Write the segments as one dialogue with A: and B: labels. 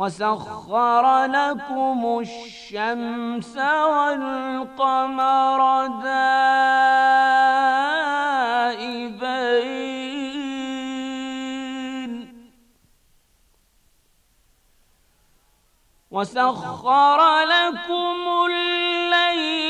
A: وسخر لكم الشمس والقمر دائبين وسخر لكم الليل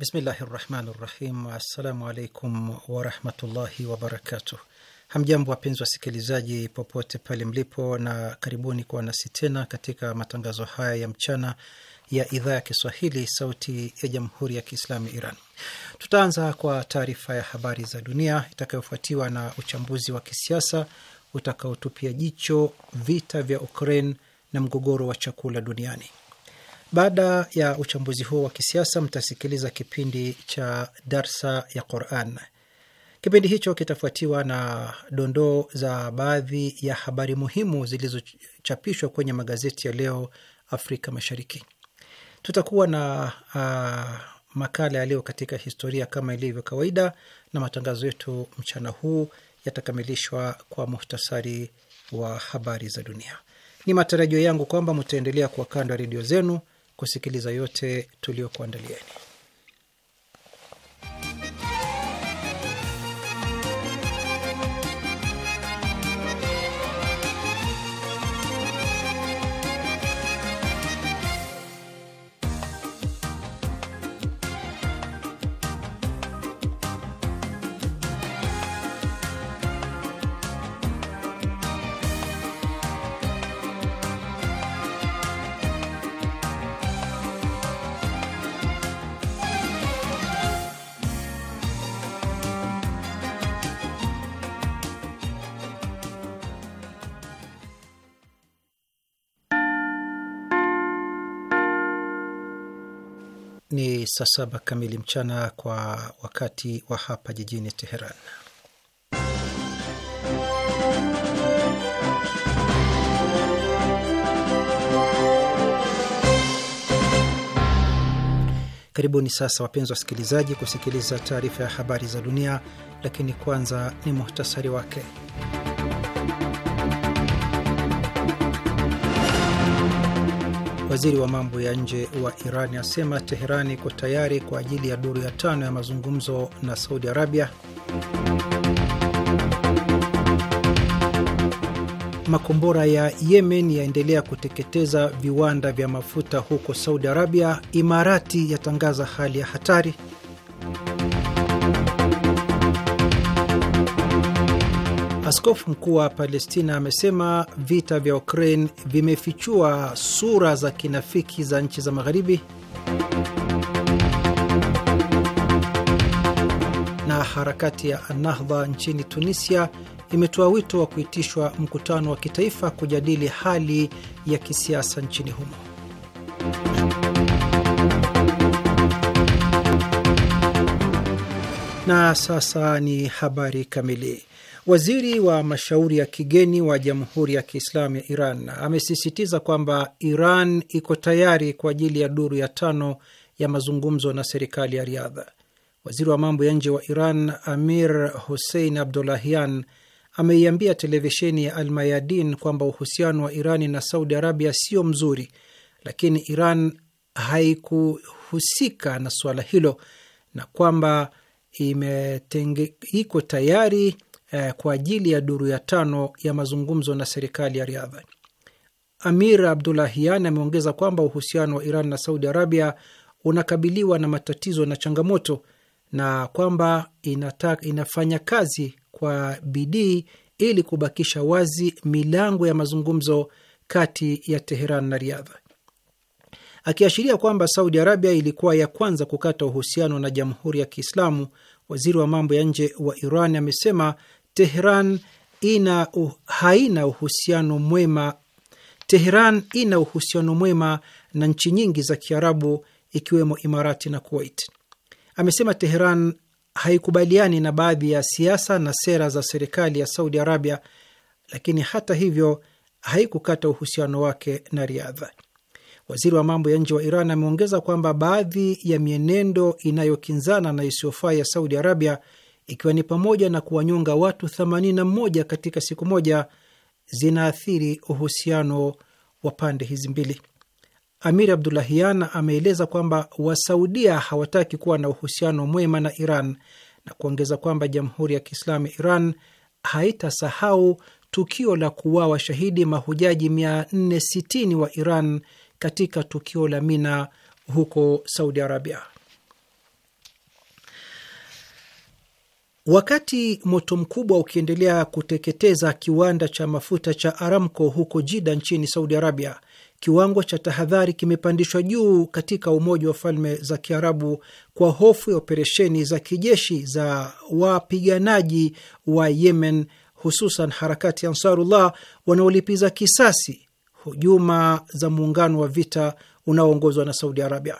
B: Bismillahi rahmani rahim. Assalamu alaikum warahmatullahi wabarakatuh. Hamjambo, wapenzi wasikilizaji popote pale mlipo, na karibuni kuwa nasi tena katika matangazo haya ya mchana ya idhaa ya Kiswahili sauti ya jamhuri ya Kiislamu Iran. Tutaanza kwa taarifa ya habari za dunia itakayofuatiwa na uchambuzi wa kisiasa utakaotupia jicho vita vya Ukraine na mgogoro wa chakula duniani. Baada ya uchambuzi huo wa kisiasa, mtasikiliza kipindi cha darsa ya Quran. Kipindi hicho kitafuatiwa na dondoo za baadhi ya habari muhimu zilizochapishwa kwenye magazeti ya leo Afrika Mashariki. Tutakuwa na uh, makala yaliyo katika historia kama ilivyo kawaida, na matangazo yetu mchana huu yatakamilishwa kwa muhtasari wa habari za dunia. Ni matarajio yangu kwamba mtaendelea kuwa kando ya redio zenu kusikiliza yote tuliokuandalieni. saa saba kamili mchana kwa wakati wa hapa jijini Teheran. Karibuni sasa wapenzi wasikilizaji, kusikiliza taarifa ya habari za dunia, lakini kwanza ni muhtasari wake. Waziri wa mambo ya nje wa Iran asema Teherani iko tayari kwa ajili ya duru ya tano ya mazungumzo na Saudi Arabia. Makombora ya Yemen yaendelea kuteketeza viwanda vya mafuta huko Saudi Arabia. Imarati yatangaza hali ya hatari. Askofu mkuu wa Palestina amesema vita vya Ukraine vimefichua sura za kinafiki za nchi za Magharibi. Na harakati ya Nahdha nchini Tunisia imetoa wito wa kuitishwa mkutano wa kitaifa kujadili hali ya kisiasa nchini humo. Na sasa ni habari kamili. Waziri wa mashauri ya kigeni wa Jamhuri ya Kiislamu ya Iran amesisitiza kwamba Iran iko tayari kwa ajili ya duru ya tano ya mazungumzo na serikali ya Riadha. Waziri wa mambo ya nje wa Iran Amir Hussein Abdollahian ameiambia televisheni ya Almayadin kwamba uhusiano wa Irani na Saudi Arabia sio mzuri, lakini Iran haikuhusika na suala hilo na kwamba imetenge, iko tayari eh, kwa ajili ya duru ya tano ya mazungumzo na serikali ya Riadha. Amir Abdulahian ameongeza kwamba uhusiano wa Iran na Saudi Arabia unakabiliwa na matatizo na changamoto na kwamba inata, inafanya kazi kwa bidii ili kubakisha wazi milango ya mazungumzo kati ya Teheran na Riadha, akiashiria kwamba Saudi Arabia ilikuwa ya kwanza kukata uhusiano na Jamhuri ya Kiislamu. Waziri wa mambo ya nje wa Iran amesema Tehran ina uh, haina uhusiano mwema. Tehran ina uhusiano mwema na nchi nyingi za Kiarabu ikiwemo Imarati na Kuwait. Amesema Tehran haikubaliani na baadhi ya siasa na sera za serikali ya Saudi Arabia, lakini hata hivyo haikukata uhusiano wake na Riadha. Waziri wa mambo ya nje wa Iran ameongeza kwamba baadhi ya mienendo inayokinzana na isiyofaa ya Saudi Arabia ikiwa ni pamoja na kuwanyonga watu 81 katika siku moja zinaathiri uhusiano wa pande hizi mbili. Amir Abdulahian ameeleza kwamba Wasaudia hawataki kuwa na uhusiano mwema na Iran na kuongeza kwamba Jamhuri ya Kiislamu Iran haitasahau tukio la kuuawa shahidi mahujaji 460 wa Iran katika tukio la Mina huko Saudi Arabia. Wakati moto mkubwa ukiendelea kuteketeza kiwanda cha mafuta cha Aramco huko Jida nchini Saudi Arabia, kiwango cha tahadhari kimepandishwa juu katika Umoja wa Falme za Kiarabu kwa hofu ya operesheni za kijeshi za wapiganaji wa Yemen, hususan harakati ya Ansarullah wanaolipiza kisasi hujuma za muungano wa vita unaoongozwa na Saudi Arabia.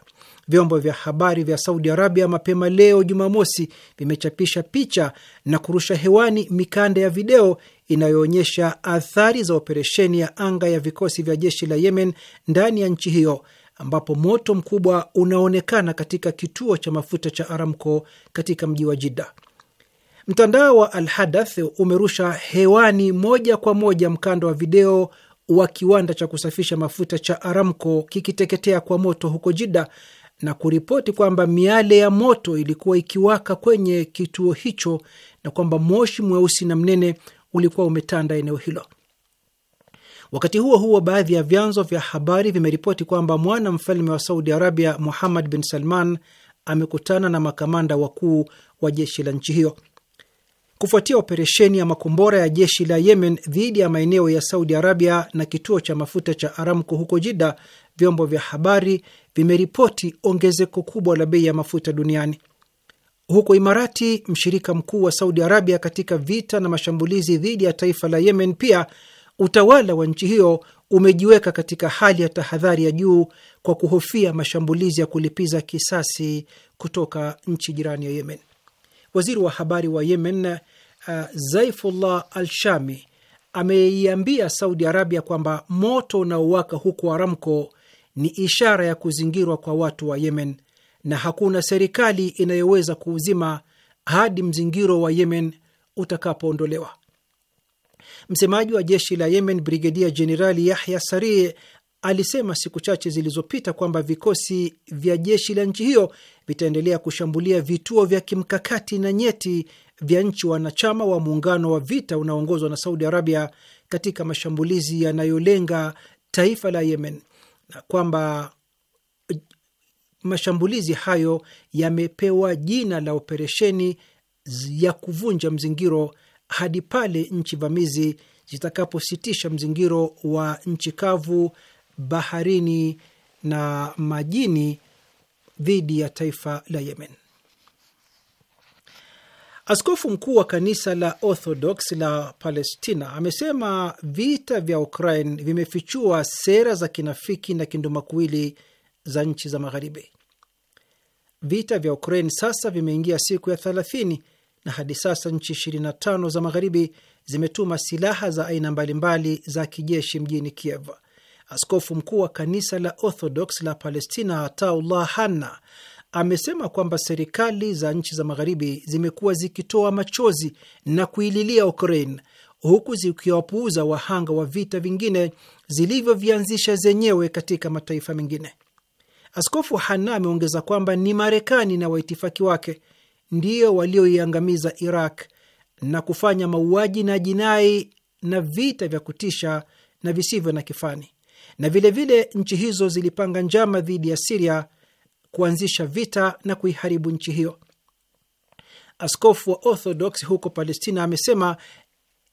B: Vyombo vya habari vya Saudi Arabia mapema leo Jumamosi vimechapisha picha na kurusha hewani mikanda ya video inayoonyesha athari za operesheni ya anga ya vikosi vya jeshi la Yemen ndani ya nchi hiyo ambapo moto mkubwa unaonekana katika kituo cha mafuta cha Aramco katika mji wa Jidda. Mtandao wa alhadath umerusha hewani moja kwa moja mkanda wa video wa kiwanda cha kusafisha mafuta cha Aramco kikiteketea kwa moto huko Jidda na kuripoti kwamba miale ya moto ilikuwa ikiwaka kwenye kituo hicho na kwamba moshi mweusi na mnene ulikuwa umetanda eneo hilo. Wakati huo huo, baadhi ya vyanzo vya habari vimeripoti kwamba mwana mfalme wa Saudi Arabia Muhammad bin Salman amekutana na makamanda wakuu wa jeshi la nchi hiyo kufuatia operesheni ya makombora ya jeshi la Yemen dhidi ya maeneo ya Saudi Arabia na kituo cha mafuta cha Aramco huko Jida. Vyombo vya habari vimeripoti ongezeko kubwa la bei ya mafuta duniani. Huko Imarati, mshirika mkuu wa Saudi Arabia katika vita na mashambulizi dhidi ya taifa la Yemen, pia utawala wa nchi hiyo umejiweka katika hali ya tahadhari ya juu kwa kuhofia mashambulizi ya kulipiza kisasi kutoka nchi jirani ya Yemen. Waziri wa habari wa Yemen uh, Zaifullah Al-Shami ameiambia Saudi Arabia kwamba moto unaowaka huko Aramco ni ishara ya kuzingirwa kwa watu wa Yemen na hakuna serikali inayoweza kuuzima hadi mzingiro wa Yemen utakapoondolewa. Msemaji wa jeshi la Yemen, Brigedia Jenerali Yahya Sari alisema siku chache zilizopita kwamba vikosi vya jeshi la nchi hiyo vitaendelea kushambulia vituo vya kimkakati na nyeti vya nchi wanachama wa muungano wa vita unaoongozwa na Saudi Arabia katika mashambulizi yanayolenga taifa la Yemen kwamba mashambulizi hayo yamepewa jina la operesheni ya kuvunja mzingiro hadi pale nchi vamizi zitakapositisha mzingiro wa nchi kavu, baharini na majini dhidi ya taifa la Yemen. Askofu mkuu wa kanisa la Orthodox la Palestina amesema vita vya Ukraine vimefichua sera za kinafiki na kindumakuwili za nchi za Magharibi. Vita vya Ukraine sasa vimeingia siku ya 30 na hadi sasa nchi 25 za Magharibi zimetuma silaha za aina mbalimbali za kijeshi mjini Kiev. Askofu mkuu wa kanisa la Orthodox la Palestina Ataullah Hanna amesema kwamba serikali za nchi za magharibi zimekuwa zikitoa machozi na kuililia Ukraine huku zikiwapuuza wahanga wa vita vingine zilivyovianzisha zenyewe katika mataifa mengine. Askofu Hana ameongeza kwamba ni Marekani na waitifaki wake ndiyo walioiangamiza Iraq na kufanya mauaji na jinai na vita vya kutisha na visivyo na kifani, na vilevile vile nchi hizo zilipanga njama dhidi ya Siria kuanzisha vita na kuiharibu nchi hiyo. Askofu wa Orthodox huko Palestina amesema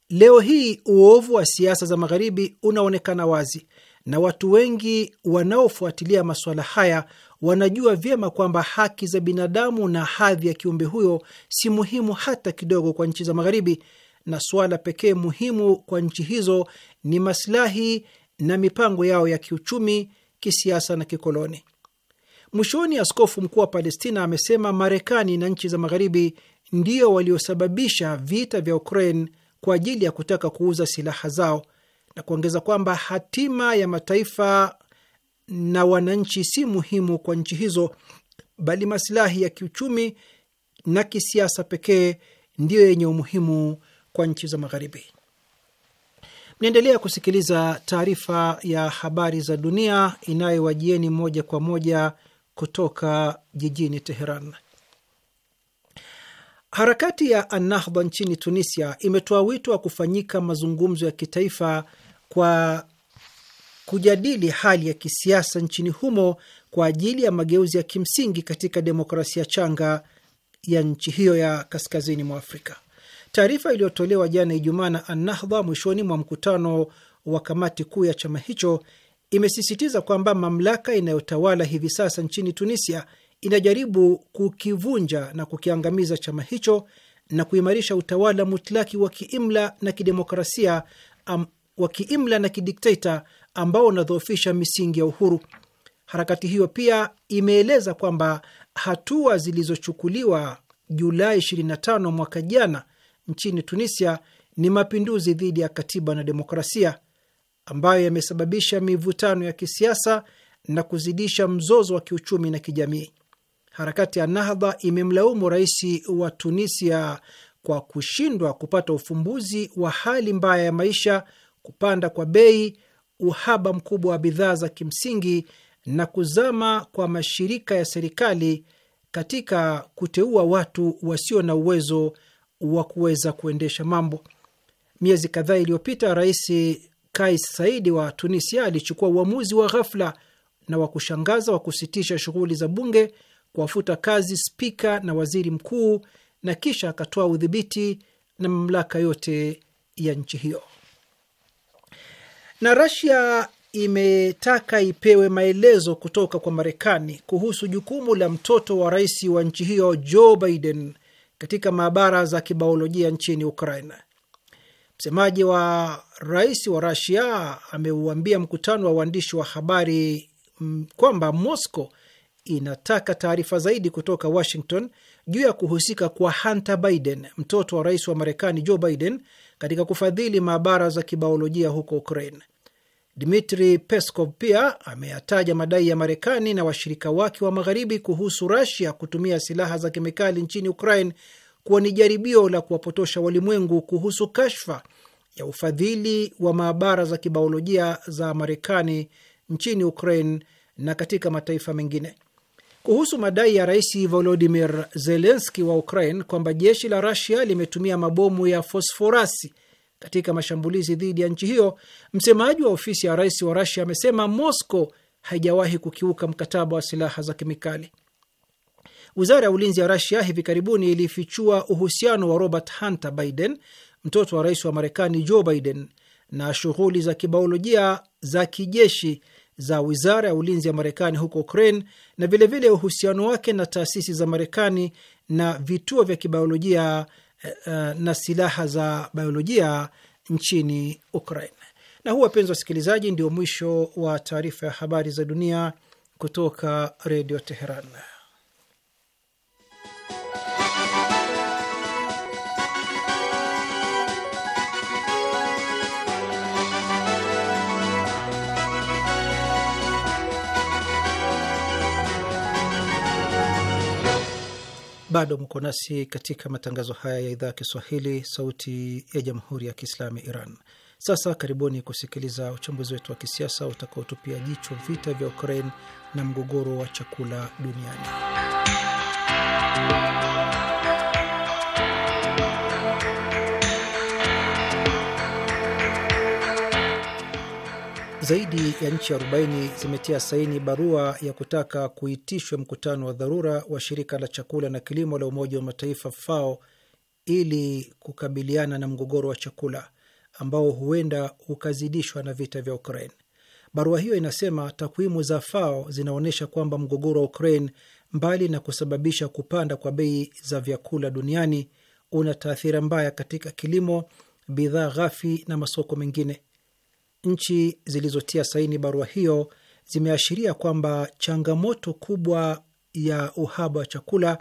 B: leo hii uovu wa siasa za magharibi unaonekana wazi na watu wengi wanaofuatilia masuala haya wanajua vyema kwamba haki za binadamu na hadhi ya kiumbe huyo si muhimu hata kidogo kwa nchi za magharibi, na suala pekee muhimu kwa nchi hizo ni masilahi na mipango yao ya kiuchumi, kisiasa na kikoloni. Mwishoni, askofu mkuu wa Palestina amesema Marekani na nchi za Magharibi ndio waliosababisha vita vya Ukraine kwa ajili ya kutaka kuuza silaha zao na kuongeza kwamba hatima ya mataifa na wananchi si muhimu kwa nchi hizo, bali masilahi ya kiuchumi na kisiasa pekee ndiyo yenye umuhimu kwa nchi za Magharibi. Mnaendelea kusikiliza taarifa ya habari za dunia inayowajieni moja kwa moja kutoka jijini Teheran. Harakati ya Ennahda nchini Tunisia imetoa wito wa kufanyika mazungumzo ya kitaifa kwa kujadili hali ya kisiasa nchini humo kwa ajili ya mageuzi ya kimsingi katika demokrasia changa ya nchi hiyo ya kaskazini mwa Afrika. Taarifa iliyotolewa jana Ijumaa na Ennahda mwishoni mwa mkutano wa kamati kuu ya chama hicho imesisitiza kwamba mamlaka inayotawala hivi sasa nchini Tunisia inajaribu kukivunja na kukiangamiza chama hicho na kuimarisha utawala mutlaki wa kiimla na kidemokrasia am, wa kiimla na kidikteta ambao unadhoofisha misingi ya uhuru. Harakati hiyo pia imeeleza kwamba hatua zilizochukuliwa Julai 25 mwaka jana nchini Tunisia ni mapinduzi dhidi ya katiba na demokrasia ambayo yamesababisha mivutano ya kisiasa na kuzidisha mzozo wa kiuchumi na kijamii. Harakati ya Nahdha imemlaumu rais wa Tunisia kwa kushindwa kupata ufumbuzi wa hali mbaya ya maisha, kupanda kwa bei, uhaba mkubwa wa bidhaa za kimsingi na kuzama kwa mashirika ya serikali katika kuteua watu wasio na uwezo wa kuweza kuendesha mambo. Miezi kadhaa iliyopita, rais Kais Saidi wa Tunisia alichukua uamuzi wa ghafla na wa kushangaza wa kusitisha shughuli za bunge, kuwafuta kazi spika na waziri mkuu, na kisha akatoa udhibiti na mamlaka yote ya nchi hiyo. Na Rasia imetaka ipewe maelezo kutoka kwa Marekani kuhusu jukumu la mtoto wa rais wa nchi hiyo Joe Biden katika maabara za kibaolojia nchini Ukraina. Msemaji wa rais wa Rasia ameuambia mkutano wa waandishi wa habari mm, kwamba mosco inataka taarifa zaidi kutoka Washington juu ya kuhusika kwa Hunter Biden, mtoto wa rais wa Marekani Joe Biden, katika kufadhili maabara za kibaolojia huko Ukraine. Dmitri Peskov pia ameyataja madai ya Marekani na washirika wake wa magharibi kuhusu Rasia kutumia silaha za kemikali nchini Ukraine kuwa ni jaribio la kuwapotosha walimwengu kuhusu kashfa ya ufadhili wa maabara za kibaolojia za Marekani nchini Ukraine na katika mataifa mengine. Kuhusu madai ya Rais Volodimir Zelenski wa Ukraine kwamba jeshi la Rasia limetumia mabomu ya fosforasi katika mashambulizi dhidi ya nchi hiyo, msemaji wa ofisi ya rais wa Rasia amesema Moscow haijawahi kukiuka mkataba wa silaha za kemikali. Wizara ya ulinzi ya Rasia hivi karibuni ilifichua uhusiano wa Robert Hunter Biden mtoto wa rais wa Marekani Joe Biden na shughuli za kibaolojia za kijeshi za wizara ya ulinzi ya Marekani huko Ukraine na vilevile uhusiano wake na taasisi za Marekani na vituo vya kibiolojia eh, eh, na silaha za biolojia nchini Ukraine. Na huu, wapenzi wasikilizaji, ndio mwisho wa taarifa ya habari za dunia kutoka Redio Teheran. Bado mko nasi katika matangazo haya ya idhaa ya Kiswahili, Sauti ya Jamhuri ya Kiislamu ya Iran. Sasa karibuni kusikiliza uchambuzi wetu wa kisiasa utakaotupia jicho vita vya Ukraine na mgogoro wa chakula duniani. Zaidi ya nchi 40 zimetia saini barua ya kutaka kuitishwa mkutano wa dharura wa shirika la chakula na kilimo la Umoja wa Mataifa FAO ili kukabiliana na mgogoro wa chakula ambao huenda ukazidishwa na vita vya Ukraine. Barua hiyo inasema takwimu za FAO zinaonyesha kwamba mgogoro wa Ukraine, mbali na kusababisha kupanda kwa bei za vyakula duniani, una taathira mbaya katika kilimo, bidhaa ghafi na masoko mengine Nchi zilizotia saini barua hiyo zimeashiria kwamba changamoto kubwa ya uhaba wa chakula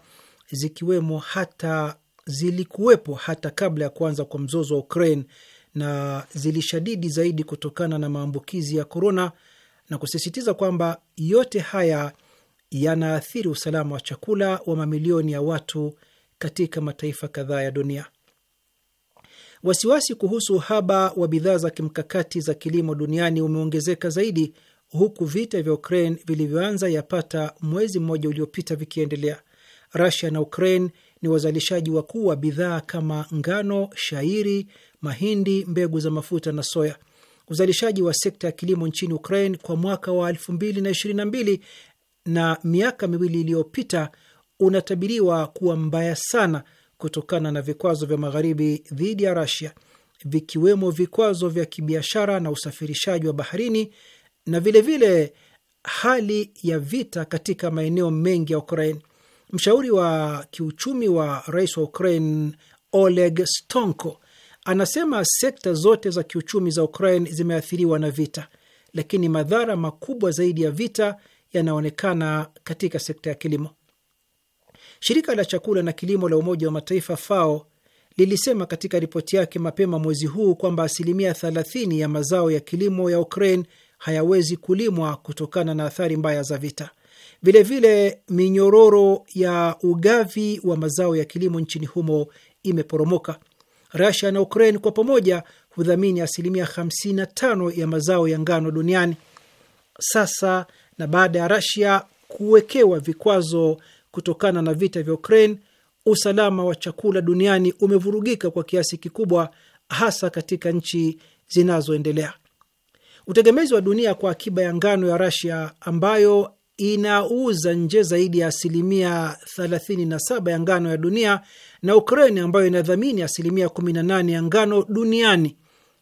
B: zikiwemo hata zilikuwepo hata kabla ya kuanza kwa mzozo wa Ukraine na zilishadidi zaidi kutokana na maambukizi ya korona, na kusisitiza kwamba yote haya yanaathiri usalama wa chakula wa mamilioni ya watu katika mataifa kadhaa ya dunia. Wasiwasi kuhusu uhaba wa bidhaa za kimkakati za kilimo duniani umeongezeka zaidi huku vita vya Ukraine vilivyoanza yapata mwezi mmoja uliopita vikiendelea. rusia na Ukraine ni wazalishaji wakuu wa bidhaa kama ngano, shairi, mahindi, mbegu za mafuta na soya. Uzalishaji wa sekta ya kilimo nchini Ukraine kwa mwaka wa 2022 na miaka miwili iliyopita unatabiriwa kuwa mbaya sana kutokana na vikwazo vya Magharibi dhidi ya Rasia, vikiwemo vikwazo vya kibiashara na usafirishaji wa baharini na vilevile vile hali ya vita katika maeneo mengi ya Ukraine. Mshauri wa kiuchumi wa rais wa Ukraine Oleg Stonko anasema sekta zote za kiuchumi za Ukraine zimeathiriwa na vita, lakini madhara makubwa zaidi ya vita yanaonekana katika sekta ya kilimo. Shirika la chakula na kilimo la Umoja wa Mataifa FAO lilisema katika ripoti yake mapema mwezi huu kwamba asilimia 30 ya mazao ya kilimo ya Ukraine hayawezi kulimwa kutokana na athari mbaya za vita. Vilevile, minyororo ya ugavi wa mazao ya kilimo nchini humo imeporomoka. rasia na Ukraine kwa pamoja hudhamini asilimia 55 ya mazao ya ngano duniani. Sasa na baada ya rasia kuwekewa vikwazo kutokana na vita vya Ukraine, usalama wa chakula duniani umevurugika kwa kiasi kikubwa, hasa katika nchi zinazoendelea. Utegemezi wa dunia kwa akiba ya ngano ya Rasia ambayo inauza nje zaidi ya asilimia 37 ya ngano ya dunia na Ukraine ambayo inadhamini asilimia 18 ya ngano duniani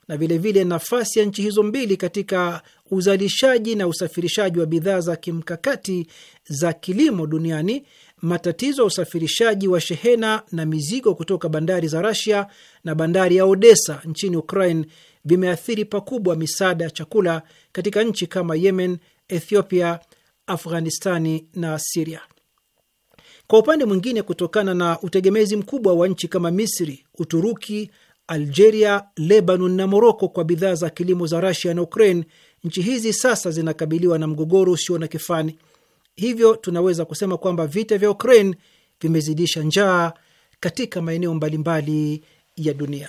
B: na vilevile nafasi ya nchi hizo mbili katika uzalishaji na usafirishaji wa bidhaa za kimkakati za kilimo duniani, matatizo ya usafirishaji wa shehena na mizigo kutoka bandari za rasia na bandari ya Odessa nchini Ukraine vimeathiri pakubwa misaada ya chakula katika nchi kama Yemen, Ethiopia, Afghanistani na Siria. Kwa upande mwingine, kutokana na utegemezi mkubwa wa nchi kama Misri, Uturuki Algeria, Lebanon na Moroko kwa bidhaa za kilimo za Rasia na Ukraine, nchi hizi sasa zinakabiliwa na mgogoro usio na kifani. Hivyo tunaweza kusema kwamba vita vya Ukraine vimezidisha njaa katika maeneo mbalimbali ya dunia.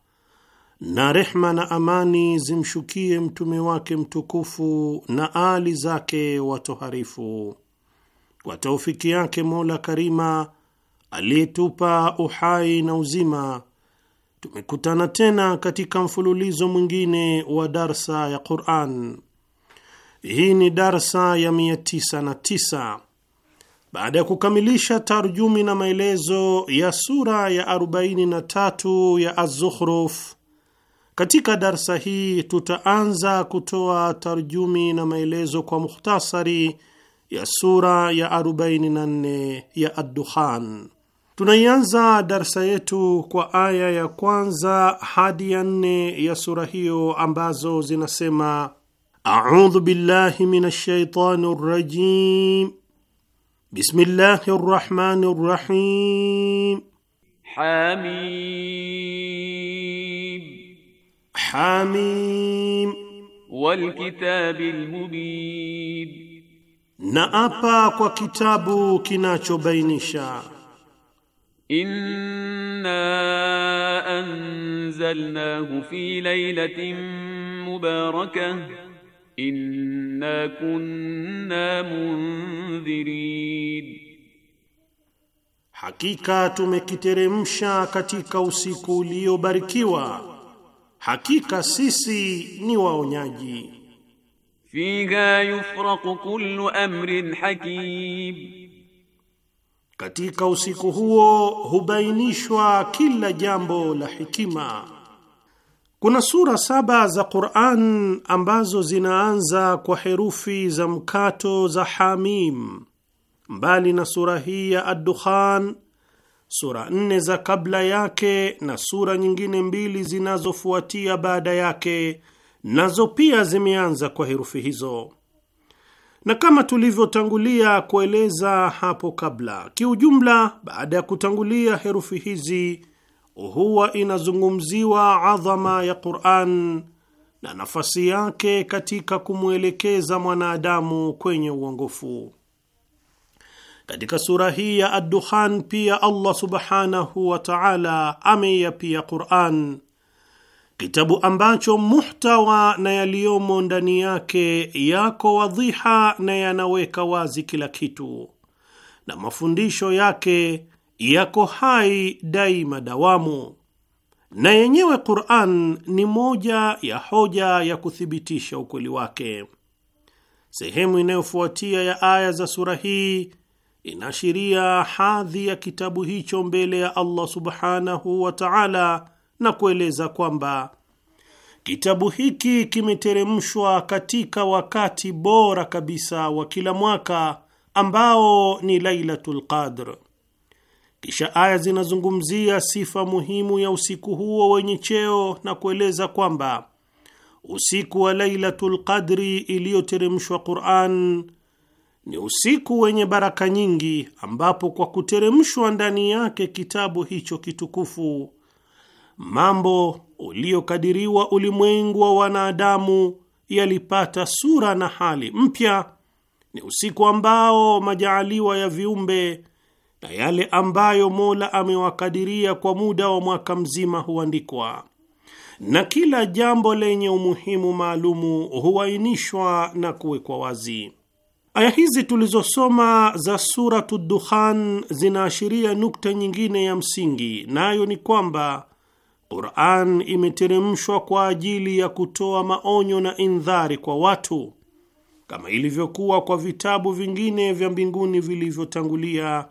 C: na rehma na amani zimshukie mtume wake mtukufu na aali zake watoharifu. Kwa taufiki yake Mola Karima aliyetupa uhai na uzima, tumekutana tena katika mfululizo mwingine wa darsa ya Quran. Hii ni darsa ya 99 baada ya kukamilisha tarjumi na maelezo ya sura ya 43 ya Az-Zukhruf. Katika darsa hii tutaanza kutoa tarjumi na maelezo kwa mukhtasari ya sura ya 44 ya Ad-Dukhan. Tunaianza darsa yetu kwa aya ya kwanza hadi ya nne ya sura hiyo ambazo zinasema: audhu billahi minash shaitani rajim bismillahi rahmani rahim
D: hamim
C: Hamim,
D: wal kitabil mubin,
C: na apa kwa kitabu kinachobainisha.
D: Inna anzalnahu fi laylatin mubarakah inna kunna
C: mundhirin, hakika tumekiteremsha katika usiku uliobarikiwa Hakika sisi ni waonyaji.
D: Fiha yufraqu kullu
C: amrin hakim, katika usiku huo hubainishwa kila jambo la hikima. Kuna sura saba za Qur'an ambazo zinaanza kwa herufi za mkato za Hamim. Mbali na sura hii ya Ad-Dukhan sura nne za kabla yake na sura nyingine mbili zinazofuatia baada yake nazo pia zimeanza kwa herufi hizo, na kama tulivyotangulia kueleza hapo kabla, kiujumla, baada ya kutangulia herufi hizi huwa inazungumziwa adhama ya Qur'an na nafasi yake katika kumwelekeza mwanadamu kwenye uongofu. Katika sura hii ya Addukhan pia Allah subhanahu wa taala ameiapia Quran, kitabu ambacho muhtawa na yaliyomo ndani yake yako wadhiha na yanaweka wazi kila kitu, na mafundisho yake yako hai daima dawamu, na yenyewe Quran ni moja ya hoja ya kuthibitisha ukweli wake. Sehemu inayofuatia ya aya za sura hii inaashiria hadhi ya kitabu hicho mbele ya Allah subhanahu wa ta'ala, na kueleza kwamba kitabu hiki kimeteremshwa katika wakati bora kabisa wa kila mwaka ambao ni Lailatul Qadr. Kisha aya zinazungumzia sifa muhimu ya usiku huo wenye cheo na kueleza kwamba usiku wa Lailatul Qadri iliyoteremshwa Qur'an ni usiku wenye baraka nyingi, ambapo kwa kuteremshwa ndani yake kitabu hicho kitukufu, mambo uliokadiriwa ulimwengu wa wanadamu yalipata sura na hali mpya. Ni usiku ambao majaaliwa ya viumbe na yale ambayo Mola amewakadiria kwa muda wa mwaka mzima huandikwa na kila jambo lenye umuhimu maalumu huainishwa na kuwekwa wazi. Aya hizi tulizosoma za Suratu Dukhan zinaashiria nukta nyingine ya msingi, nayo ni kwamba Quran imeteremshwa kwa ajili ya kutoa maonyo na indhari kwa watu kama ilivyokuwa kwa vitabu vingine vya mbinguni vilivyotangulia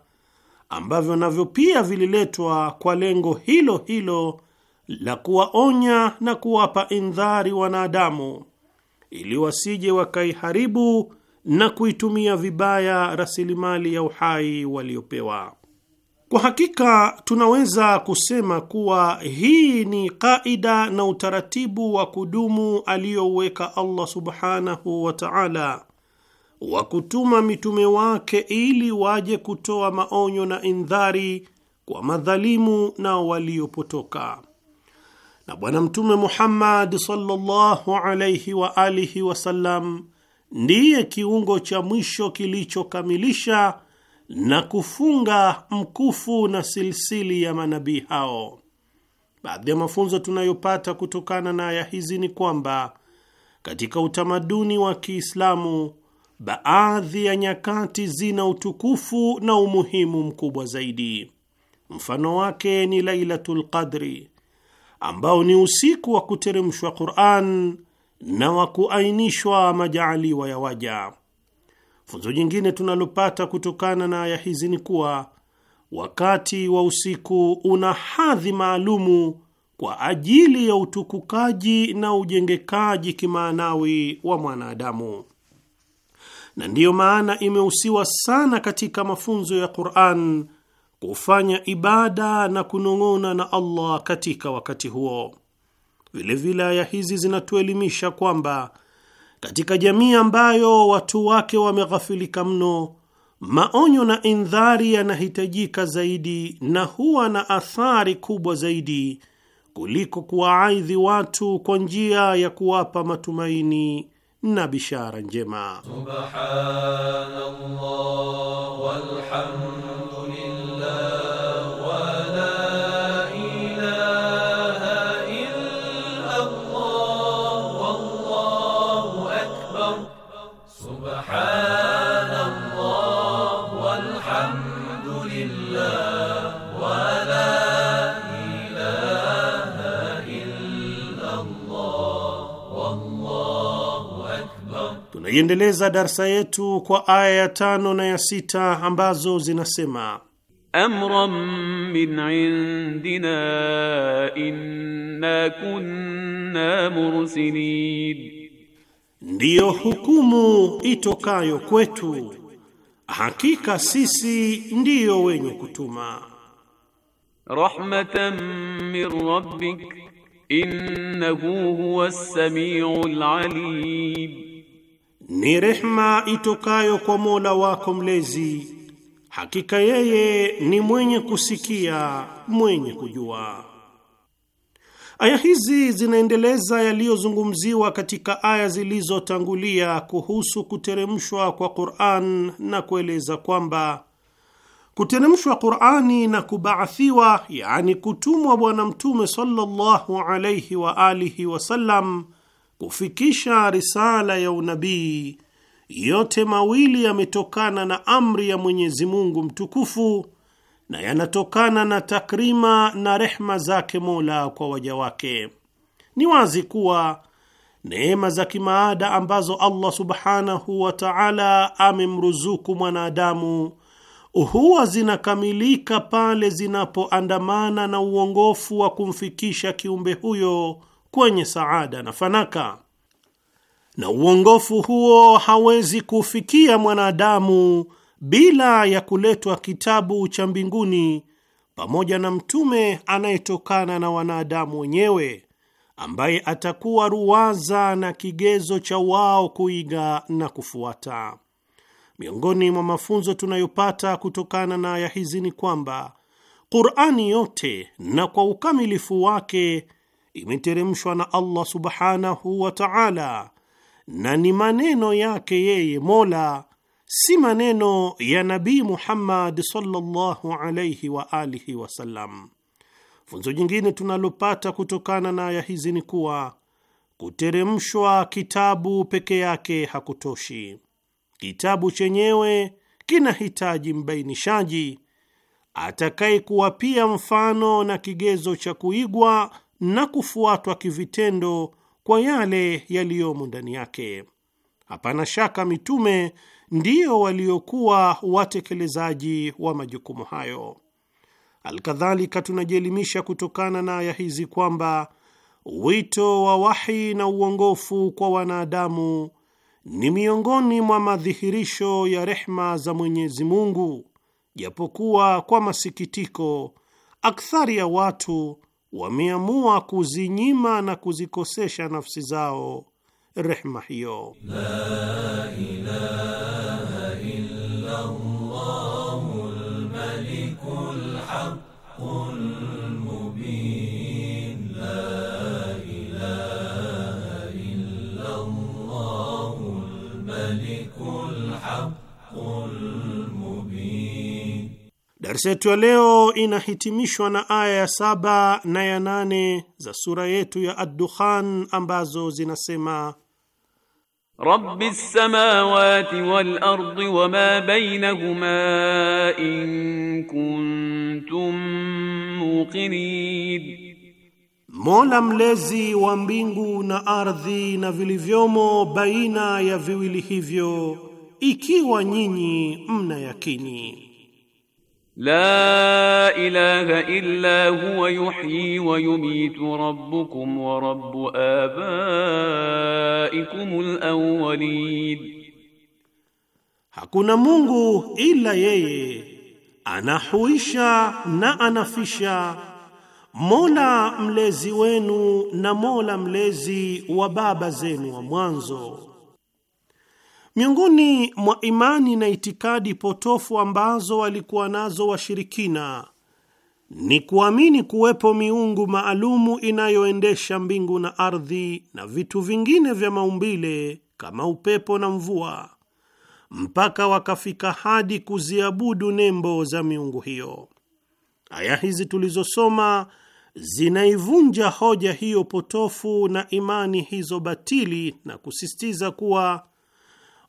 C: ambavyo navyo pia vililetwa kwa lengo hilo hilo la kuwaonya na kuwapa indhari wanadamu ili wasije wakaiharibu na kuitumia vibaya rasilimali ya uhai waliopewa. Kwa hakika tunaweza kusema kuwa hii ni kaida na utaratibu wa kudumu aliyouweka Allah subhanahu wa ta'ala wa kutuma mitume wake ili waje kutoa maonyo na indhari kwa madhalimu na waliopotoka. Na Bwana Mtume Muhammad sallallahu alayhi wa alihi wasallam ndiye kiungo cha mwisho kilichokamilisha na kufunga mkufu na silsili ya manabii hao. Baadhi ya mafunzo tunayopata kutokana na aya hizi ni kwamba katika utamaduni wa Kiislamu baadhi ya nyakati zina utukufu na umuhimu mkubwa zaidi. Mfano wake ni Lailatul Qadri ambao ni usiku wa kuteremshwa Qur'an na wa kuainishwa majaaliwa ya waja. Funzo jingine tunalopata kutokana na aya hizi ni kuwa wakati wa usiku una hadhi maalumu kwa ajili ya utukukaji na ujengekaji kimaanawi wa mwanadamu, na ndiyo maana imehusiwa sana katika mafunzo ya Qur'an kufanya ibada na kunong'ona na Allah katika wakati huo. Vilevile aya hizi zinatuelimisha kwamba katika jamii ambayo watu wake wameghafilika mno, maonyo na indhari yanahitajika zaidi na huwa na athari kubwa zaidi kuliko kuwaaidhi watu kwa njia ya kuwapa matumaini na bishara njema. Subhanallah
E: walhamdulillah
C: Tunaiendeleza darsa yetu kwa aya ya tano na ya sita ambazo zinasema
D: amran min indina inna kunna
C: mursilin, ndiyo hukumu itokayo kwetu, hakika sisi ndiyo wenye kutuma.
D: Rahmatan min rabbik innahu huwas samiul alim
C: ni rehma itokayo kwa Mola wako mlezi, hakika yeye ni mwenye kusikia, mwenye kujua. Aya hizi zinaendeleza yaliyozungumziwa katika aya zilizotangulia kuhusu kuteremshwa kwa Qur'an na kueleza kwamba kuteremshwa Qur'ani na kubaathiwa, yani kutumwa Bwana Mtume sallallahu alayhi wa alihi wasallam kufikisha risala ya unabii, yote mawili yametokana na amri ya Mwenyezi Mungu mtukufu na yanatokana na takrima na rehma zake Mola kwa waja wake. Ni wazi kuwa neema za kimaada ambazo Allah subhanahu wa ta'ala amemruzuku mwanadamu huwa zinakamilika pale zinapoandamana na uongofu wa kumfikisha kiumbe huyo kwenye saada na fanaka, na uongofu huo hawezi kufikia mwanadamu bila ya kuletwa kitabu cha mbinguni pamoja na mtume anayetokana na wanadamu wenyewe ambaye atakuwa ruwaza na kigezo cha wao kuiga na kufuata. Miongoni mwa mafunzo tunayopata kutokana na aya hizi ni kwamba Qur'ani yote na kwa ukamilifu wake imeteremshwa na Allah subhanahu wa ta'ala, na ni maneno yake yeye Mola, si maneno ya Nabii Muhammad sallallahu alayhi wa alihi wasallam. Funzo jingine tunalopata kutokana na aya hizi ni kuwa kuteremshwa kitabu peke yake hakutoshi. Kitabu chenyewe kinahitaji mbainishaji atakayekuwa pia mfano na kigezo cha kuigwa na kufuatwa kivitendo kwa yale yaliyomo ndani yake. Hapana shaka mitume ndio waliokuwa watekelezaji wa majukumu hayo. Alkadhalika, tunajielimisha kutokana na aya hizi kwamba wito wa wahi na uongofu kwa wanadamu ni miongoni mwa madhihirisho ya rehma za Mwenyezi Mungu, japokuwa kwa masikitiko, akthari ya watu wameamua kuzinyima na kuzikosesha nafsi zao rehma hiyo la ilaha Darsa yetu ya leo inahitimishwa na aya ya saba na ya nane za sura yetu ya Ad-Dukhan ambazo zinasema
D: Rabbi samawati wal ardi wama bainahuma in kuntum
C: muqinin, Mola mlezi wa mbingu na ardhi na vilivyomo baina ya viwili hivyo, ikiwa nyinyi mna yakini.
D: La ilaha illa huwa yuhyi wa yumitu rabbukum wa rabbu abaikumul awwalin, hakuna
C: Mungu ila yeye, anahuisha na anafisha, Mola mlezi wenu na Mola mlezi wa baba zenu wa mwanzo. Miongoni mwa imani na itikadi potofu ambazo walikuwa nazo washirikina ni kuamini kuwepo miungu maalumu inayoendesha mbingu na ardhi na vitu vingine vya maumbile kama upepo na mvua, mpaka wakafika hadi kuziabudu nembo za miungu hiyo. Aya hizi tulizosoma zinaivunja hoja hiyo potofu na imani hizo batili na kusisitiza kuwa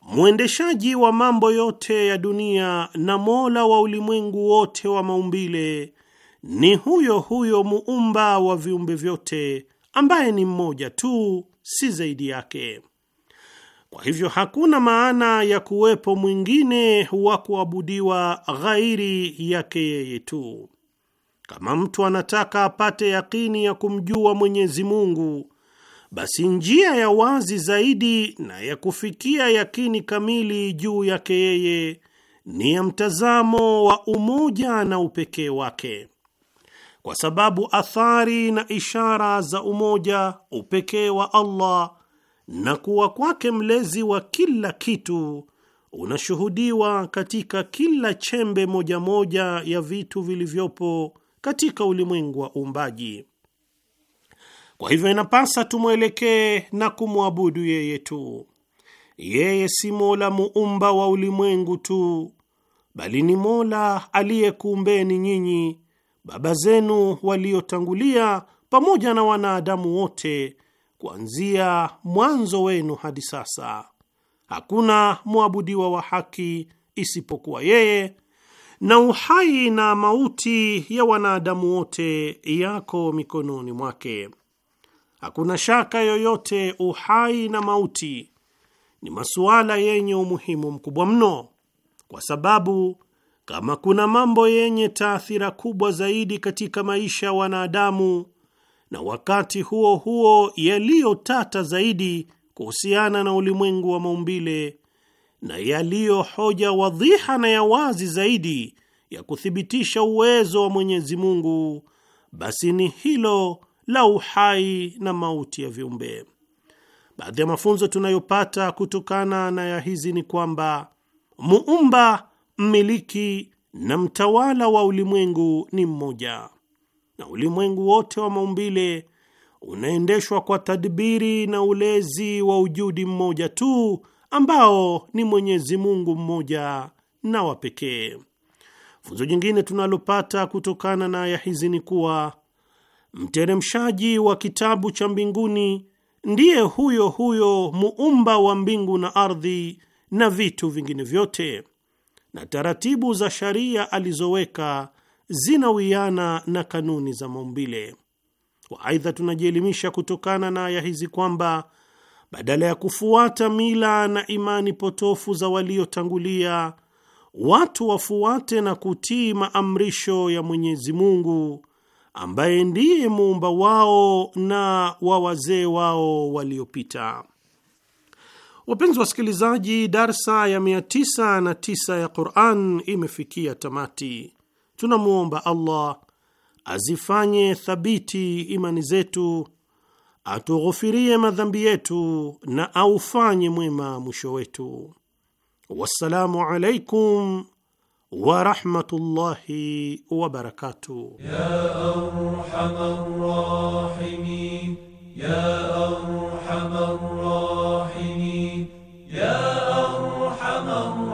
C: mwendeshaji wa mambo yote ya dunia na mola wa ulimwengu wote wa maumbile ni huyo huyo muumba wa viumbe vyote ambaye ni mmoja tu, si zaidi yake. Kwa hivyo hakuna maana ya kuwepo mwingine wa kuabudiwa ghairi yake yeye tu. Kama mtu anataka apate yakini ya kumjua Mwenyezi Mungu basi njia ya wazi zaidi na ya kufikia yakini kamili juu yake yeye ni ya mtazamo wa umoja na upekee wake, kwa sababu athari na ishara za umoja, upekee wa Allah na kuwa kwake mlezi wa kila kitu unashuhudiwa katika kila chembe moja moja ya vitu vilivyopo katika ulimwengu wa uumbaji. Kwa hivyo inapasa tumwelekee na kumwabudu yeye tu. Yeye si Mola muumba wa ulimwengu tu, bali ni Mola aliyekuumbeni nyinyi, baba zenu waliotangulia, pamoja na wanadamu wote kuanzia mwanzo wenu hadi sasa. Hakuna mwabudiwa wa haki isipokuwa yeye, na uhai na mauti ya wanadamu wote yako mikononi mwake hakuna shaka yoyote, uhai na mauti ni masuala yenye umuhimu mkubwa mno, kwa sababu kama kuna mambo yenye taathira kubwa zaidi katika maisha ya wanadamu na wakati huo huo yaliyotata zaidi kuhusiana na ulimwengu wa maumbile na yaliyo hoja wadhiha na ya wazi zaidi ya kuthibitisha uwezo wa Mwenyezi Mungu, basi ni hilo la uhai na mauti ya viumbe. Baadhi ya mafunzo tunayopata kutokana na ya hizi ni kwamba muumba, mmiliki na mtawala wa ulimwengu ni mmoja, na ulimwengu wote wa maumbile unaendeshwa kwa tadbiri na ulezi wa ujudi mmoja tu ambao ni Mwenyezi Mungu mmoja na wa pekee. Funzo jingine tunalopata kutokana na aya hizi ni kuwa mteremshaji wa kitabu cha mbinguni ndiye huyo huyo muumba wa mbingu na ardhi na vitu vingine vyote, na taratibu za sharia alizoweka zinawiana na kanuni za maumbile. Waaidha, tunajielimisha kutokana na aya hizi kwamba badala ya kufuata mila na imani potofu za waliotangulia, watu wafuate na kutii maamrisho ya Mwenyezi Mungu ambaye ndiye muumba wao na wa wazee wao waliopita. Wapenzi wasikilizaji, darsa ya 99 ya Quran imefikia tamati. Tunamwomba Allah azifanye thabiti imani zetu, atughufirie madhambi yetu na aufanye mwema mwisho wetu. Wassalamu alaikum ورحمة الله وبركاته
E: يا
F: أرحم الراحمين يا أرحم الراحمين يا أرحم الراحمين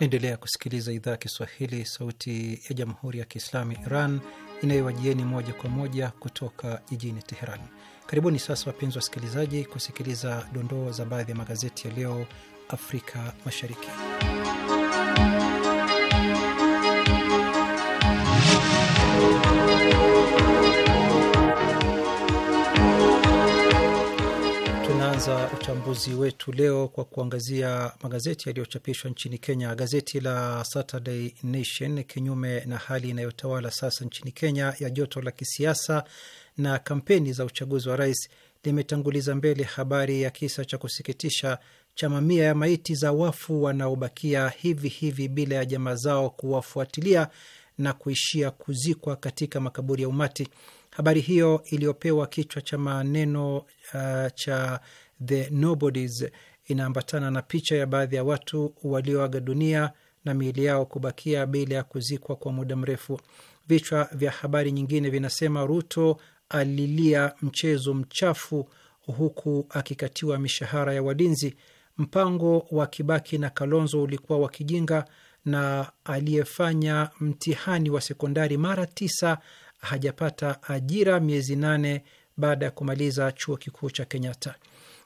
B: Naendelea kusikiliza idhaa ya Kiswahili, sauti ya jamhuri ya kiislamu Iran inayowajieni moja kwa moja kutoka jijini Teheran. Karibuni sasa, wapenzi wasikilizaji, kusikiliza dondoo za baadhi ya magazeti ya leo Afrika Mashariki. tunaanza uchambuzi wetu leo kwa kuangazia magazeti yaliyochapishwa nchini Kenya. Gazeti la Saturday Nation, kinyume na hali inayotawala sasa nchini Kenya ya joto la kisiasa na kampeni za uchaguzi wa rais, limetanguliza mbele habari ya kisa cha kusikitisha cha mamia ya maiti za wafu wanaobakia hivi hivi bila ya jamaa zao kuwafuatilia na kuishia kuzikwa katika makaburi ya umati. Habari hiyo iliyopewa kichwa cha maneno uh, cha The Nobodies inaambatana na picha ya baadhi ya watu walioaga dunia na miili yao kubakia bila ya kuzikwa kwa muda mrefu. Vichwa vya habari nyingine vinasema Ruto alilia mchezo mchafu huku akikatiwa mishahara ya walinzi. Mpango wa Kibaki na Kalonzo ulikuwa wa kijinga, na aliyefanya mtihani wa sekondari mara tisa hajapata ajira miezi nane baada ya kumaliza chuo kikuu cha Kenyatta.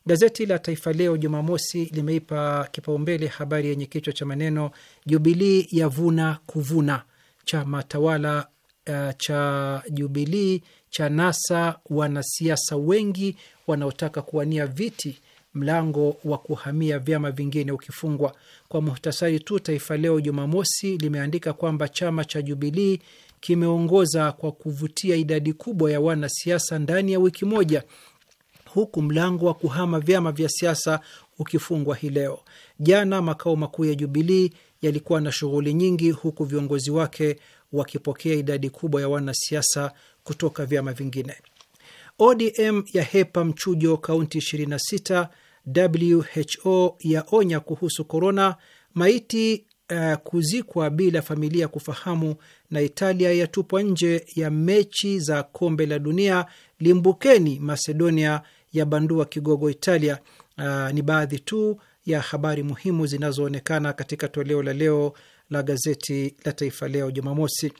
B: Gazeti la Taifa Leo Jumamosi limeipa kipaumbele habari yenye kichwa cha maneno Jubilii yavuna kuvuna, chama tawala uh, cha Jubilii cha nasa wanasiasa wengi wanaotaka kuwania viti, mlango wa kuhamia vyama vingine ukifungwa. Kwa muhtasari tu, Taifa Leo Jumamosi limeandika kwamba chama cha Jubilii kimeongoza kwa kuvutia idadi kubwa ya wanasiasa ndani ya wiki moja huku mlango wa kuhama vyama vya siasa ukifungwa hii leo. Jana makao makuu ya Jubilii yalikuwa na shughuli nyingi, huku viongozi wake wakipokea idadi kubwa ya wanasiasa kutoka vyama vingine. ODM ya hepa mchujo kaunti 26. WHO yaonya kuhusu korona. Maiti uh, kuzikwa bila familia kufahamu. Na Italia yatupwa nje ya mechi za kombe la dunia. Limbukeni Macedonia ya Bandua, Kigogo, Italia. Uh, ni baadhi tu ya habari muhimu zinazoonekana katika toleo la leo la gazeti la Taifa Leo Jumamosi.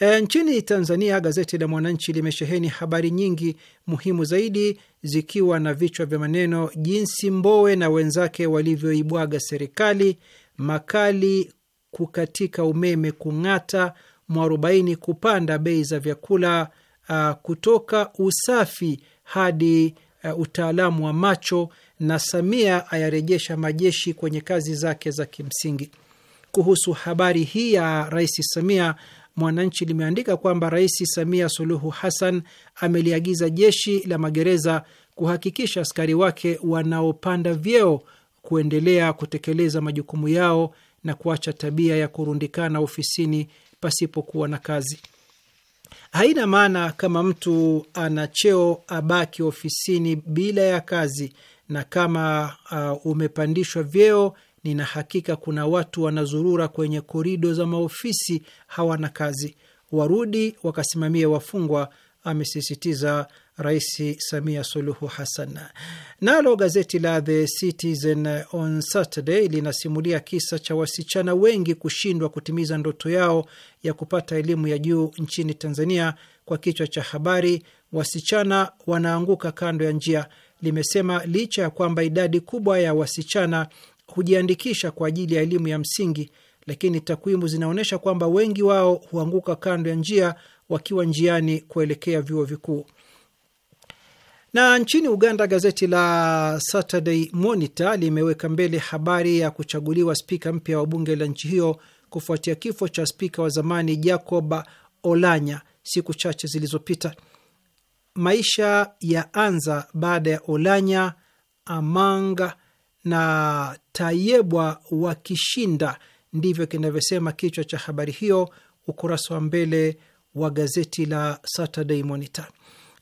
B: E, nchini Tanzania gazeti la Mwananchi limesheheni habari nyingi muhimu zaidi zikiwa na vichwa vya maneno: jinsi Mbowe na wenzake walivyoibwaga serikali, makali kukatika umeme kung'ata, mwarobaini kupanda bei za vyakula, a, ah, kutoka usafi hadi Eh, utaalamu wa macho na Samia ayarejesha majeshi kwenye kazi zake za kimsingi. Kuhusu habari hii ya Rais Samia, Mwananchi limeandika kwamba Rais Samia Suluhu Hassan ameliagiza jeshi la magereza kuhakikisha askari wake wanaopanda vyeo kuendelea kutekeleza majukumu yao na kuacha tabia ya kurundikana ofisini pasipokuwa na kazi. Haina maana kama mtu ana cheo abaki ofisini bila ya kazi, na kama uh, umepandishwa vyeo, nina hakika kuna watu wanazurura kwenye korido za maofisi hawana kazi, warudi wakasimamia wafungwa, amesisitiza Rais Samia Suluhu Hassan. Nalo gazeti la The Citizen on Saturday linasimulia kisa cha wasichana wengi kushindwa kutimiza ndoto yao ya kupata elimu ya juu nchini Tanzania kwa kichwa cha habari, wasichana wanaanguka kando ya njia. Limesema licha ya kwamba idadi kubwa ya wasichana hujiandikisha kwa ajili ya elimu ya msingi, lakini takwimu zinaonyesha kwamba wengi wao huanguka kando ya njia wakiwa njiani kuelekea vyuo vikuu. Na nchini Uganda, gazeti la Saturday Monitor limeweka mbele habari ya kuchaguliwa spika mpya wa bunge la nchi hiyo kufuatia kifo cha spika wa zamani Jacob Olanya siku chache zilizopita. Maisha ya anza baada ya Olanya, Amanga na Tayebwa wakishinda, ndivyo kinavyosema kichwa cha habari hiyo, ukurasa wa mbele wa gazeti la Saturday Monitor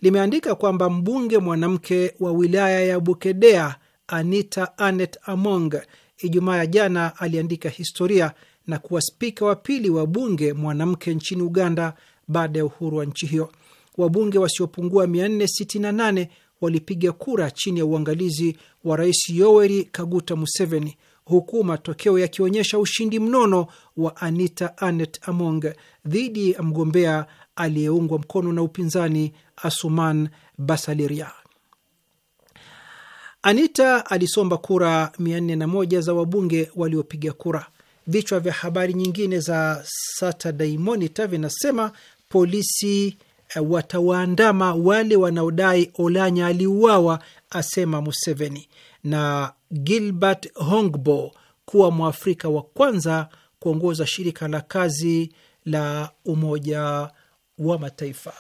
B: limeandika kwamba mbunge mwanamke wa wilaya ya Bukedea Anita Anet Among Ijumaa ya jana aliandika historia na kuwa spika wa pili wa bunge mwanamke nchini Uganda baada ya uhuru wa nchi hiyo. Wabunge wasiopungua 468 walipiga kura chini ya uangalizi wa Rais Yoweri Kaguta Museveni, huku matokeo yakionyesha ushindi mnono wa Anita Anet Among dhidi ya mgombea aliyeungwa mkono na upinzani Asuman basaliria Anita alisomba kura 401 za wabunge waliopiga kura. Vichwa vya habari nyingine za Saturday Monitor vinasema polisi eh, watawaandama wale wanaodai Olanya aliuawa, asema Museveni, na Gilbert Hongbo kuwa mwafrika wa kwanza kuongoza shirika la kazi la Umoja wa Mataifa.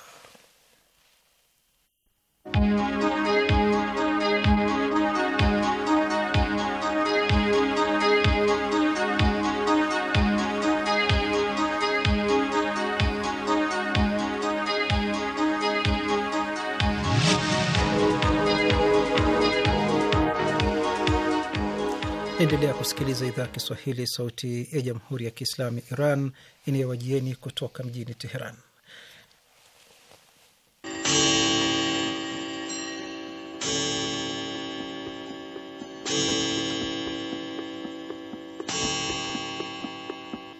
B: Endelea kusikiliza idhaa ya Kiswahili, sauti ya jamhuri ya kiislamu Iran inayowajieni kutoka mjini Teheran.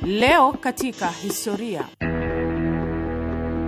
A: Leo katika historia.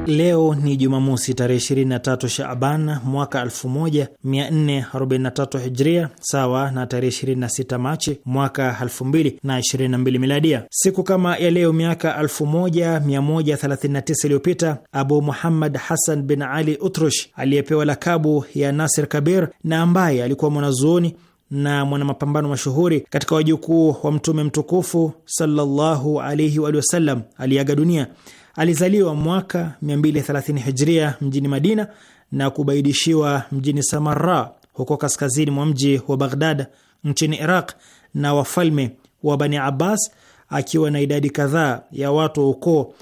G: Leo ni Jumamosi tarehe 23 Shaaban mwaka 1443 Hijria, sawa na tarehe 26 Machi mwaka 2022 Miladia. Siku kama ya leo miaka 1139 iliyopita, Abu Muhammad Hassan bin Ali Utrush aliyepewa lakabu ya Nasir Kabir na ambaye alikuwa mwanazuoni na mwanamapambano mashuhuri katika wajukuu wa Mtume mtukufu sallallahu alaihi wa sallam aliaga dunia. Alizaliwa mwaka 230 hijria mjini Madina na kubaidishiwa mjini Samarra huko kaskazini mwa mji wa Baghdad nchini Iraq na wafalme wa Bani Abbas, akiwa na idadi kadhaa ya watu wa ukoo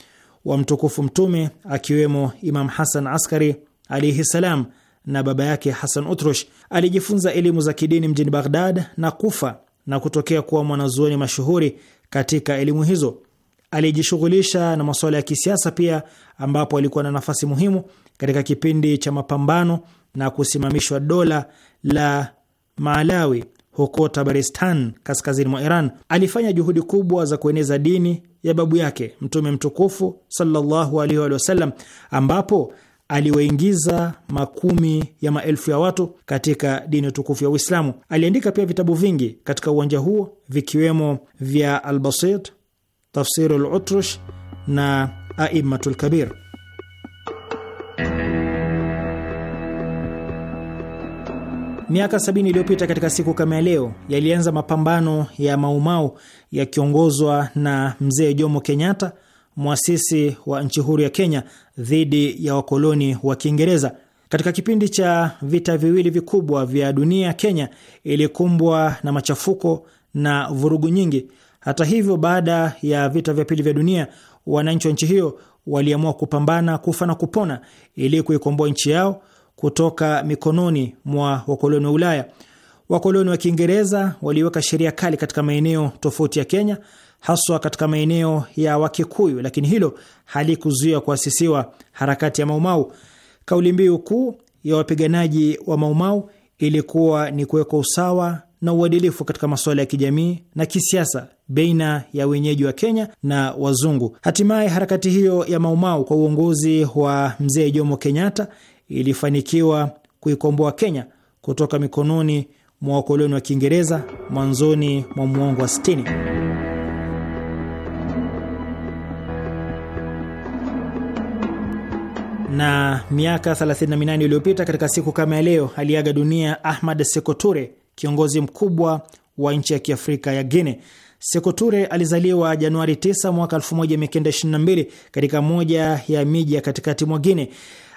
G: wa mtukufu Mtume akiwemo Imam Hasan Askari alaihi salam na baba yake Hasan Utrush. Alijifunza elimu za kidini mjini Baghdad na Kufa na kutokea kuwa mwanazuoni mashuhuri katika elimu hizo. Alijishughulisha na masuala ya kisiasa pia, ambapo alikuwa na nafasi muhimu katika kipindi cha mapambano na kusimamishwa dola la Maalawi huko Tabaristan, kaskazini mwa Iran. Alifanya juhudi kubwa za kueneza dini ya babu yake Mtume mtukufu sallallahu alaihi ambapo aliwaingiza makumi ya maelfu ya watu katika dini tukufu ya Uislamu. Aliandika pia vitabu vingi katika uwanja huo vikiwemo vya Albasit, Tafsiru Lutrush na Aimatu Lkabir. Miaka sabini iliyopita katika siku kama ya leo yalianza mapambano ya Maumau yakiongozwa na mzee Jomo Kenyatta mwasisi wa nchi huru ya Kenya dhidi ya wakoloni wa Kiingereza. Katika kipindi cha vita viwili vikubwa vya dunia, Kenya ilikumbwa na machafuko na vurugu nyingi. Hata hivyo, baada ya vita vya pili vya dunia, wananchi wa nchi hiyo waliamua kupambana kufa na kupona ili kuikomboa nchi yao kutoka mikononi mwa wakoloni wa Ulaya. Wakoloni wa Kiingereza waliweka sheria kali katika maeneo tofauti ya Kenya haswa katika maeneo ya Wakikuyu, lakini hilo halikuzuia kuasisiwa harakati ya Maumau. Kauli mbiu kuu ya wapiganaji wa Maumau ilikuwa ni kuwekwa usawa na uadilifu katika masuala ya kijamii na kisiasa baina ya wenyeji wa Kenya na wazungu. Hatimaye harakati hiyo ya Maumau kwa uongozi wa Mzee Jomo Kenyatta ilifanikiwa kuikomboa Kenya kutoka mikononi mwa wakoloni wa Kiingereza mwanzoni mwa muongo wa na miaka 38 iliyopita katika siku kama ya leo aliaga dunia Ahmad sekoture kiongozi mkubwa wa nchi ya Kiafrika ya guine sekoture alizaliwa Januari 9 mwaka 1922 katika moja ya miji ya katikati mwa Guinea.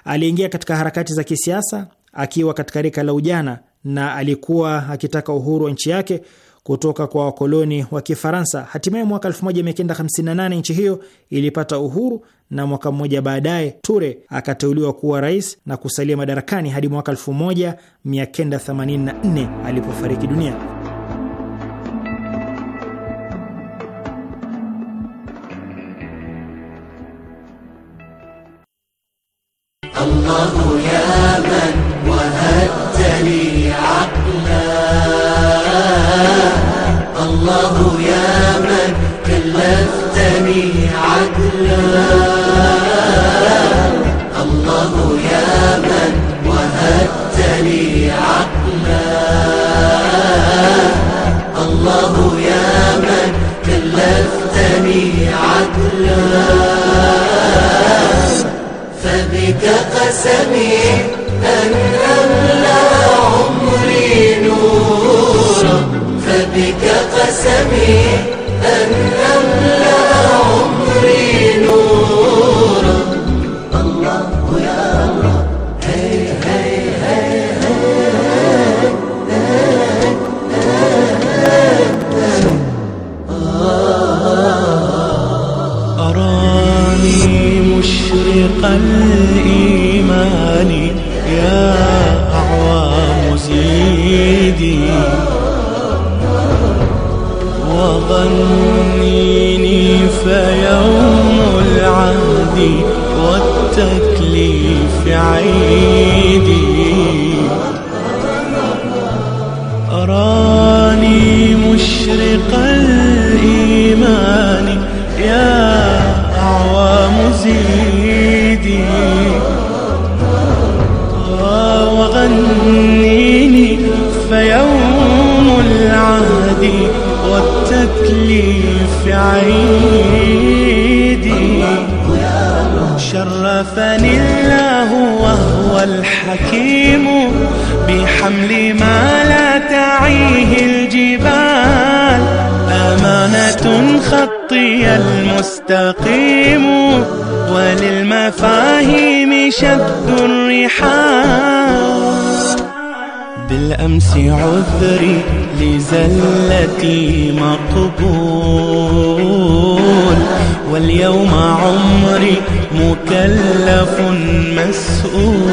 G: Aliingia katika harakati za kisiasa akiwa katika rika la ujana na alikuwa akitaka uhuru wa nchi yake kutoka kwa wakoloni wa Kifaransa. Hatimaye mwaka 1958 nchi hiyo ilipata uhuru na mwaka mmoja baadaye Ture akateuliwa kuwa rais na kusalia madarakani hadi mwaka 1984 alipofariki dunia.
E: Allahu ya man wahadani
F: الله يا من كلفتني عدلا الله يا من وهبتني عقلا الله يا من كلفتني عدلا فبك قسمي أن أملأ عمري نور فبك قسمي أن أملأ عمري نورا الله يا الله هي هي هي
H: أراني مشرق الإيمان يا أعوام زيدي ظنيني فيوم العهد والتكليف عيدي صلاتي مقبول واليوم عمري مكلف مسؤول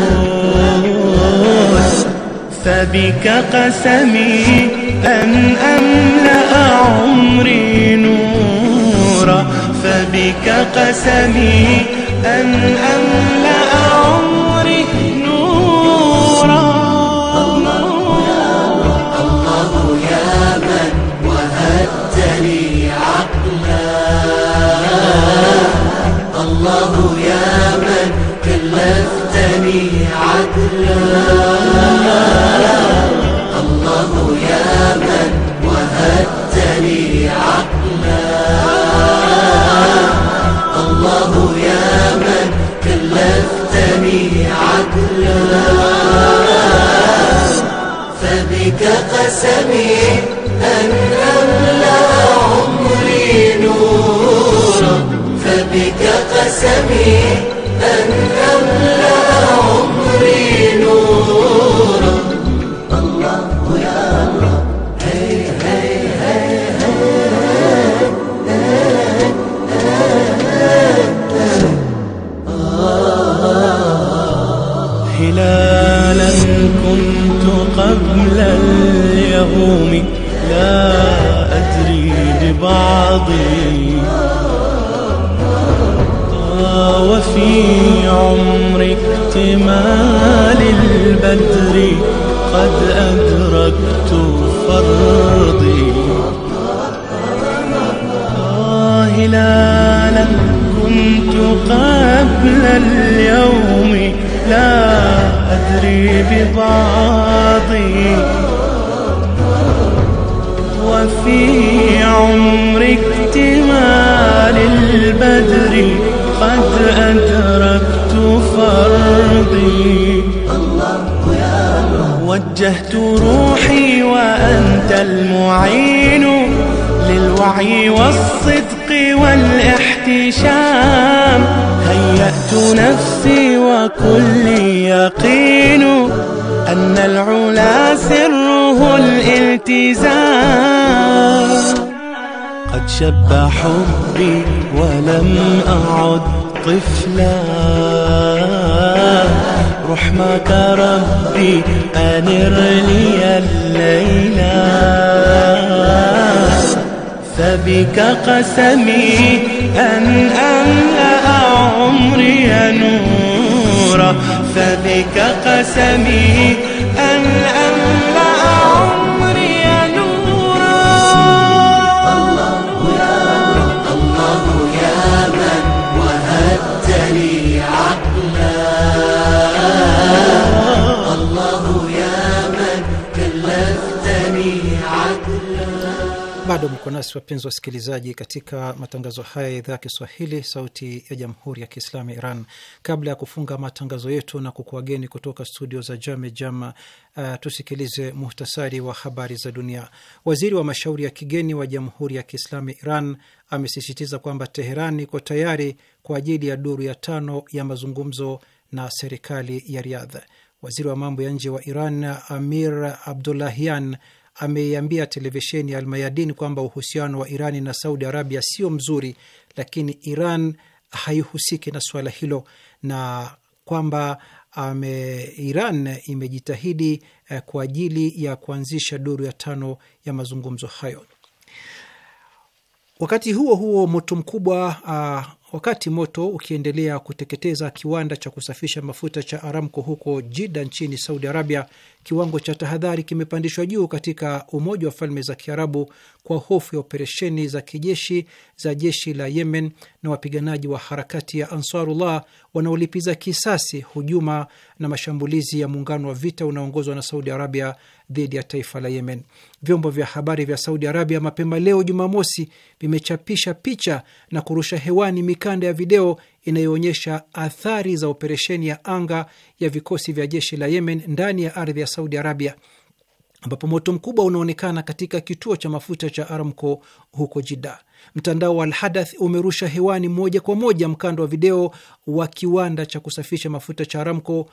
H: فبك قسمي أن أملأ عمري نورا فبك قسمي أن أملأ عمري
F: الله يا من كلفتني عدلا الله يا من وهبتني عقلا الله يا من كلفتني عدلا فبك قسمي أن أملأ Spirit.
H: هب حبي ولم أعد طفلا رحمك ربي أنر لي الليلة فبك قسمي أن أملأ عمري نورا فبك قسمي أن
B: Bado mko nasi wapenzi wasikilizaji, katika matangazo haya ya idhaa ya Kiswahili, sauti ya jamhuri ya kiislamu ya Iran. Kabla ya kufunga matangazo yetu na kukuageni kutoka studio za Jame Jama, uh, tusikilize muhtasari wa habari za dunia. Waziri wa mashauri ya kigeni wa jamhuri ya kiislamu ya Iran amesisitiza kwamba Teheran iko tayari kwa ajili ya duru ya tano ya mazungumzo na serikali ya riadha Waziri wa mambo ya nje wa Iran Amir Abdullahian ameiambia televisheni ya Almayadin kwamba uhusiano wa Irani na Saudi Arabia sio mzuri, lakini Iran haihusiki na suala hilo na kwamba ame, Iran imejitahidi eh, kwa ajili ya kuanzisha duru ya tano ya mazungumzo hayo. Wakati huo huo moto mkubwa uh, wakati moto ukiendelea kuteketeza kiwanda cha kusafisha mafuta cha Aramco huko Jida nchini Saudi Arabia, kiwango cha tahadhari kimepandishwa juu katika Umoja wa Falme za Kiarabu kwa hofu ya operesheni za kijeshi za jeshi la Yemen na wapiganaji wa harakati ya Ansarullah wanaolipiza kisasi hujuma na mashambulizi ya muungano wa vita unaoongozwa na Saudi Arabia dhidi ya taifa la Yemen. Vyombo vya habari vya Saudi Arabia mapema leo Jumamosi vimechapisha picha na kurusha hewani mikanda ya video inayoonyesha athari za operesheni ya anga ya vikosi vya jeshi la Yemen ndani ya ardhi ya Saudi Arabia, ambapo moto mkubwa unaonekana katika kituo cha mafuta cha Aramco huko Jidda. Mtandao wa Alhadath umerusha hewani moja kwa moja mkando wa video wa kiwanda cha kusafisha mafuta cha Aramco uh,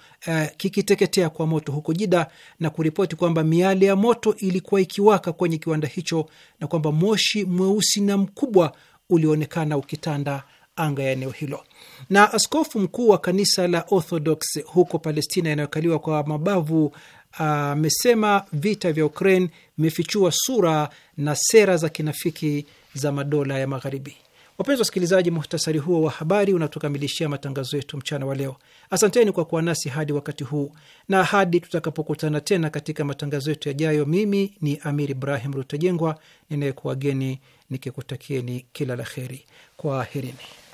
B: kikiteketea kwa moto huko Jida na kuripoti kwamba miale ya moto ilikuwa ikiwaka kwenye kiwanda hicho na kwamba moshi mweusi na mkubwa ulioonekana ukitanda anga ya eneo hilo. Na askofu mkuu wa kanisa la Orthodox huko Palestina inayokaliwa kwa mabavu uh, amesema uh, vita vya Ukraine vimefichua sura na sera za kinafiki za madola ya Magharibi. Wapenzi wasikilizaji, muhtasari huo wa habari unatukamilishia matangazo yetu mchana wa leo. Asanteni kwa kuwa nasi hadi wakati huu na hadi tutakapokutana tena katika matangazo yetu yajayo. Mimi ni Amir Ibrahim Rutajengwa ninayekuwageni nikikutakieni kila la heri. Kwaherini.